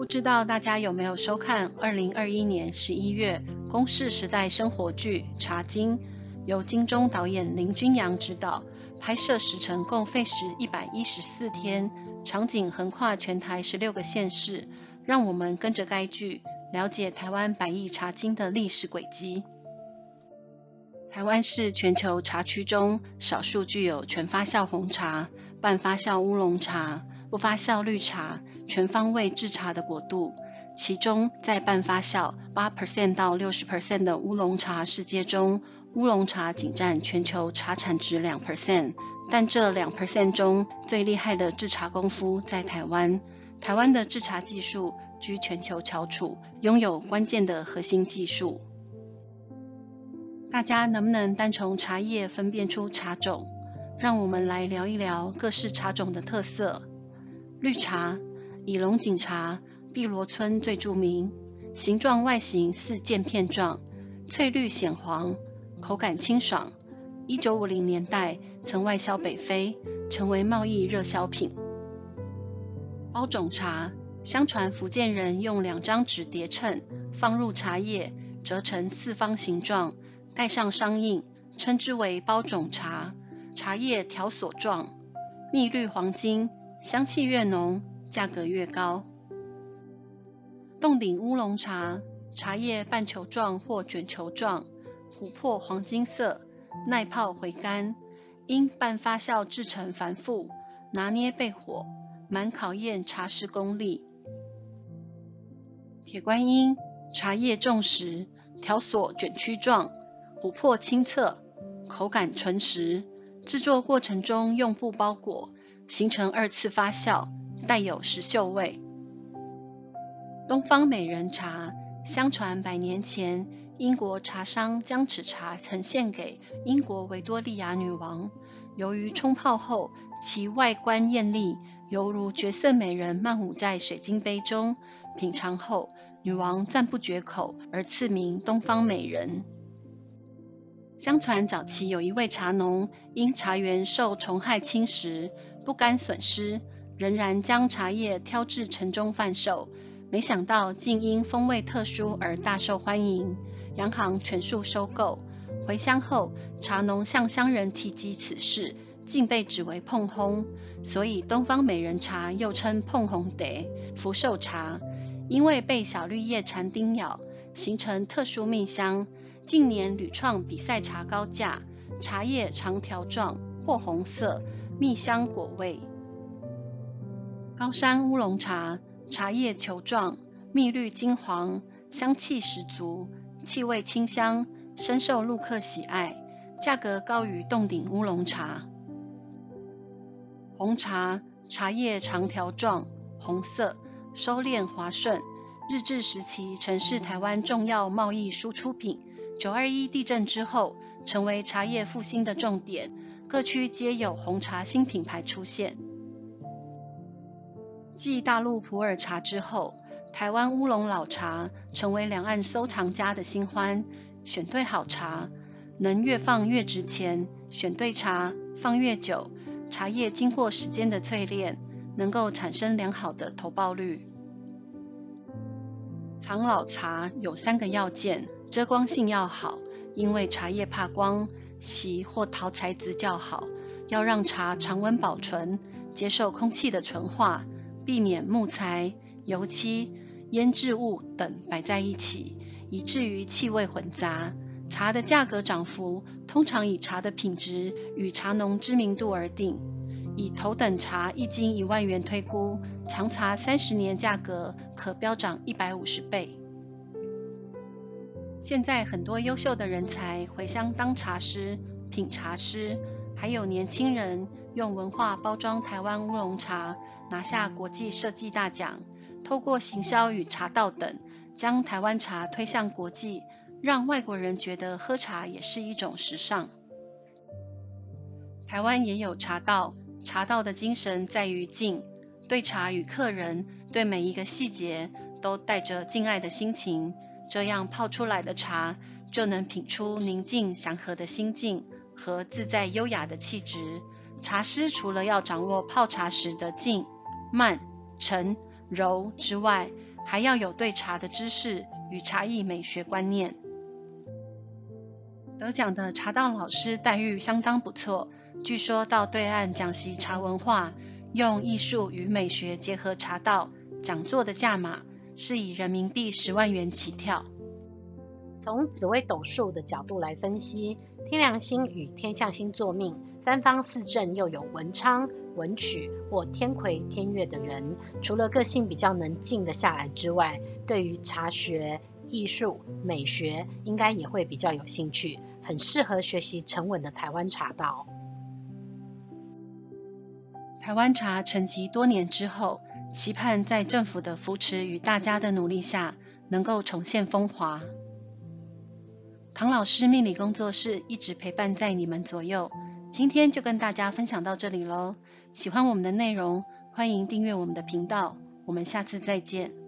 不知道大家有沒有收看二零二一年十一月公視時代生活劇《茶經》，由金鐘導演林君陽執導，拍攝時程共費時一百一十四天，場景橫跨全台十六個縣市。讓我們跟着該劇，了解台灣百億茶經的歷史軌跡。台灣是全球茶區中少數具有全發酵紅茶、半發酵烏龍茶。不發酵綠茶全方位製茶的國度，其中在半發酵百分之八到百分之六十的烏龍茶世界中，烏龍茶僅佔全球茶產值百分之二，但這百分之二中最厲害的製茶功夫在台灣。台灣的製茶技術居全球翹楚，擁有關鍵的核心技術。大家能不能單從茶葉，分辨出茶種？讓我們來聊一聊各式茶種的特色。綠茶以龍井茶、碧螺春最著名，形狀外形似劍片狀，翠綠顯黃，口感清爽。一九五零年代曾外銷北非，成為貿易熱銷品。包種茶，相傳福建人用兩張紙疊襯，放入茶葉，折成四方形狀，蓋上商印，稱之為包種茶。茶葉條索狀，蜜綠黃金。香氣越濃，價格越高。凍頂烏龍茶，茶葉半球狀或捲球狀，琥珀黃金色，耐泡回甘。因半發酵製成繁複，拿捏焙火，蠻考驗茶師功力。鐵觀音，茶葉重實，條索捲曲狀，琥珀清澈，口感純實。製作過程中用布包裹。形成二次發酵，帶有石秀味。東方美人茶，相傳百年前，英國茶商將此茶呈獻給英國維多利亞女王，由於沖泡後其外觀豔麗，猶如絕色美人曼舞在水晶杯中，品嘗後女王讚不絕口，而賜名東方美人。相傳早期有一位茶農，因茶園受蟲害侵蝕，不甘損失，仍然將茶葉挑至城中販售。沒想到竟因風味特殊而大受歡迎，洋行全數收購。回鄉後，茶農向鄉人提及此事，竟被指為碰烘。所以東方美人茶又稱碰紅蝶、福壽茶，因為被小綠葉蟬叮咬，形成特殊蜜香。近年屢創比賽茶高價，茶葉長條狀或紅色，蜜香果味。高山烏龍茶，茶葉球狀，蜜綠金黃，香氣十足，氣味清香，深受陸客喜愛，價格高於凍頂烏龍茶。紅茶，茶葉長條狀，紅色，收斂滑順，日治時期曾是台灣重要貿易輸出品。九二一地震之後，成為茶葉復興的重點，各區皆有紅茶新品牌出現。繼大陸普洱茶之後，台灣烏龍老茶成為兩岸收藏家的新歡。選對好茶，能越放越值錢；選對茶，放越久，茶葉經過時間的淬煉，能夠產生良好的投報率。長老茶有三個要件：遮光性要好，因為茶葉怕光；錫或陶材質較好，要讓茶常溫保存，接受空氣的醇化，避免木材、油漆、醃制物等擺在一起，以至於氣味混雜。茶的價格漲幅通常以茶的品質與茶農知名度而定。以頭等茶一斤一萬元推估，長茶三十年價格可飆漲一百五十倍。現在很多優秀的人才回鄉當茶師、品茶師，還有年輕人用文化包裝台灣烏龍茶，拿下國際設計大獎。透過行銷與茶道等，將台灣茶推向國際，讓外國人覺得喝茶也是一種時尚。台灣也有茶道。茶道的精神在於靜，對茶與客人，對每一個細節都帶着敬愛的心情，這樣泡出來的茶就能品出寧靜祥和的心境和自在優雅的氣質。茶師除了要掌握泡茶時的靜、慢、沉、柔之外，還要有對茶的知識與茶藝美學觀念。得獎的茶道老師待遇相當不錯。據說到對岸講習茶文化，用藝術與美學結合茶道，講座的價碼是以人民幣十萬元起跳。從紫微斗數的角度來分析，天梁星與天相星座命，三方四正又有文昌、文曲或天魁、天鉞的人，除了個性比較能靜得下來之外，對於茶學、藝術、美學應該也會比較有興趣，很適合學習沉穩的台灣茶道。台灣茶沉寂多年之後，期盼在政府的扶持與大家的努力下，能夠重現風華。唐老師命理工作室一直陪伴在你們左右，今天就跟大家分享到這裡嘍。喜歡我們的內容，歡迎訂閱我們的頻道，我們下次再見。